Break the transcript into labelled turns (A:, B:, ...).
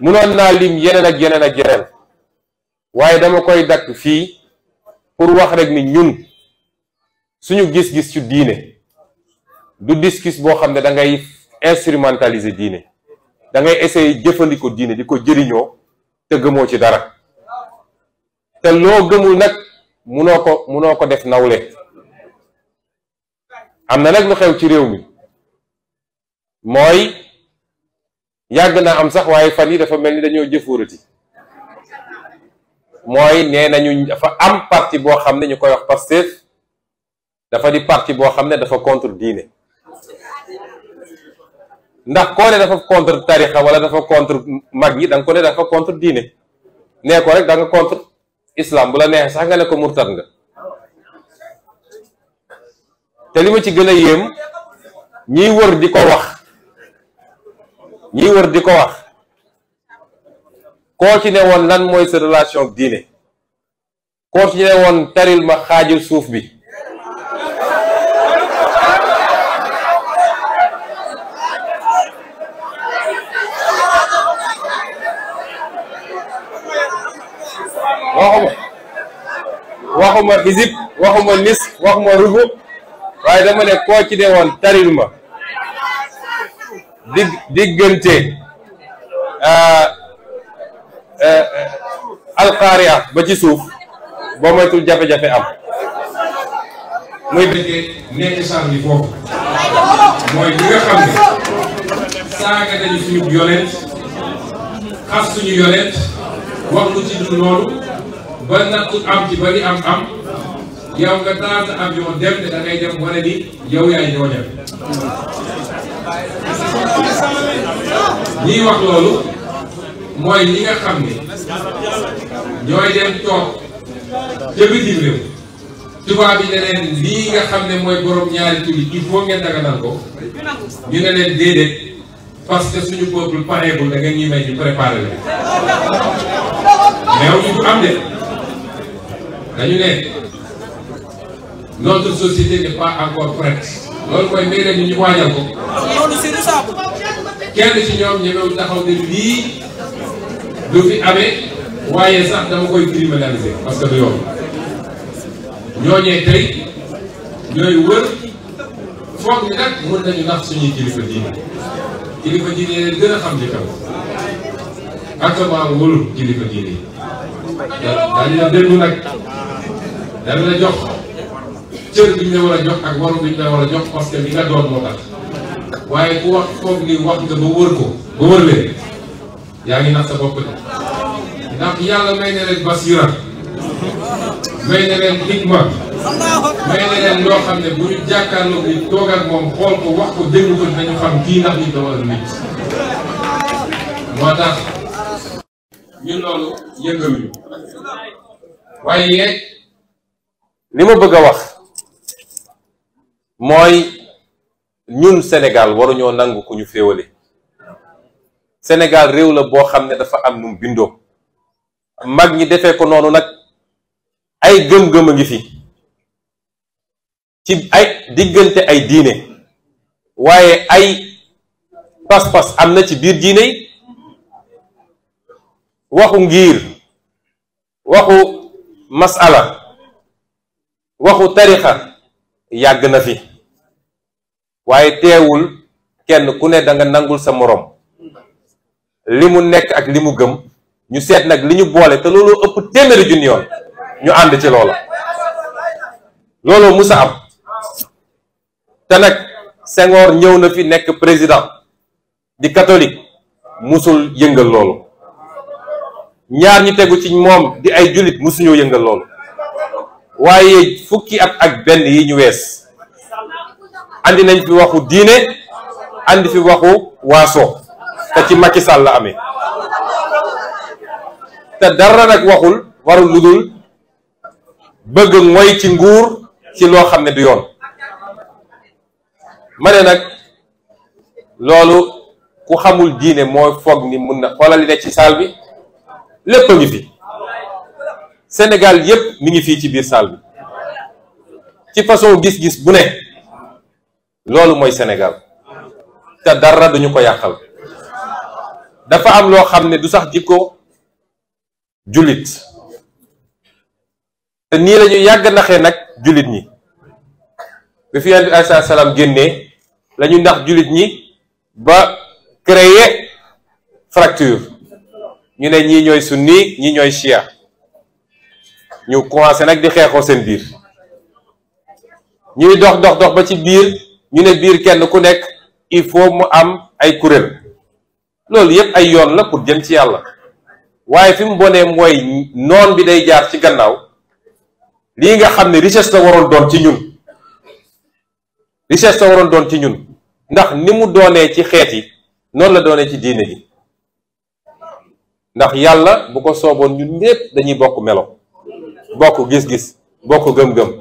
A: munoon naa lim yeneen ak yeneen ak yeneen waaye dama koy dakk fii pour wax rek ni ñun suñu gis-gis ci diine du discuss boo xam ne da ngay instrumentaliser diine dangay ngay essayer jëfandikoo diine di ko jëriñoo te gëmoo ci dara te loo gëmul nag munoo ko munoo ko def nawle am na nag lu xew ci réew mi mooy yàgg na am sax waaye fan yi dafa mel ni dañoo jëfóorati mooy nee nañu dafa am parti boo xam ne ñu koy wax Pastef dafa di parti boo xam ne dafa contre diine ndax koo ne dafa contre tarixa wala dafa contre mag ñi da nga ko ne dafa contre diine nee ko rek da nga contre islam bu la neexee sax nga ne ko murtat nga te li ma ci gën a yéem ñiy wër di ko wax ñi wër di ko wax koo ci ne woon lan mooy sa relation diine koo ci ne woon taril ma xaaju suuf bi waxuma waxuma xisib waxuma nis waxuma rubu waaye dama ne koo ci ne woon taril ma dig diggante euh, euh, alxaaria ba ci suuf boo moytul jafe-jafe am mooy bëggee nekk mooy li nga xam ne saaga dañu suñu yonent xas suñu yonent wax lu ci dul loolu ba nattu am ci am am yow nga taal sa avion dem ne dem wala ni yaay ñoo ñuy wax loolu mooy ñi nga xam ni ñooy dem toog ca bitim réew tubaab yi ne lii nga xam ne mooy borom ñaari tur yi il faut ngeen daganal ko ñu ne leen déedéet parce que suñu peuple pareegul da nga ñuy may ñu préparé la mais ñu du am de dañu ne notre société n'est encore prête loolu mooy may nañu ñu waajal ko. kenn ci ñoom ñemewu taxaw ne lii du fi amee waaye sax dama koy criminaliser parce que du yoon ñooñee tey ñooy wër foog ni nag mën nañu nax suñuy kilifa diine kilifa diine yi gën a xam li xew actuellement wëlul kilifa diine yi daañu la déglu nag dana la jox. cër bi ñu la war a jox ak waru bi ñu la war a jox parce que nga doon moo tax waaye ku wax foog ni wax nga ba wër ko ba wër leen yaa ngi nax sa bopp de ndax yàlla may na leen basira may na leen xikma may na leen loo xam ne bu ñu jàkkaarloo ni toog moom xool ko wax ko déglu ko dañu xam kii ndax nit la wala nit moo tax ñun loolu yëngaluñu waaye yeeg li ma bëgg a wax mooy ñun Sénégal waruñoo nangu ku ñu féewale Sénégal réew la boo xam ne dafa am nu bindoo mag ñi defee ko noonu nag ay gëm-gëm a ngi fi ci ay diggante ay diine waaye ay pas-pas am na ci biir diine yi waxu ngir waxu masala waxu tarixa yàgg na fi waaye teewul kenn ku ne danga nangul sa moroom li mu nekk ak li mu gëm ñu seet nag li ñu boole te loolu ëpp téeméeri junni yoon ñu ànd ci loola looloo musa am te nag sengoor ñëw na fi nekk président di katolik musul yëngal loolu ñaar ñu tegu ci moom di ay jullit musuñoo yëngal loolu waaye fukki at ak benn yi ñu wees andi nañ fi waxu diine andi fi waxu waaso te ci Macky Sall la amee te dara nag waxul warul ludul bëgg mooy ci nguur ci loo xam ne du yoon mane nag loolu ku xamul diine moo foog ni mun na xoolal li ci saal bi lépp a ngi fi Sénégal yépp mi ngi fii ci biir saal bi ci façon gis-gis bu ne loolu mooy Sénégal te dara duñu ko yàqal dafa am loo xam ne du sax jikko jullit te nii la yàgg naxee nag jullit ñi bi fi yonent alayhi salaam génnee la ñu ndax jullit ñi ba créer fracture ñu ne ñii ñooy sunni ñii ñooy chia ñu commencé nag di xeexoo seen biir ñuy dox dox dox ba ci biir ñu ne biir kenn ku nekk il faut mu am ay kuréel loolu yépp ay yoon la pour jëm ci yàlla waaye fi mu bonee mooy noon bi day jaar ci gannaaw lii nga xam ne richesse la waroon doon ci ñun richesse waroon doon ci ñun ndax ni mu doonee ci xeet yi noonu la doonee ci diine gi ndax yàlla bu ko sooboon ñun ñépp dañuy bokk melo bokk gis-gis bokk gëm-gëm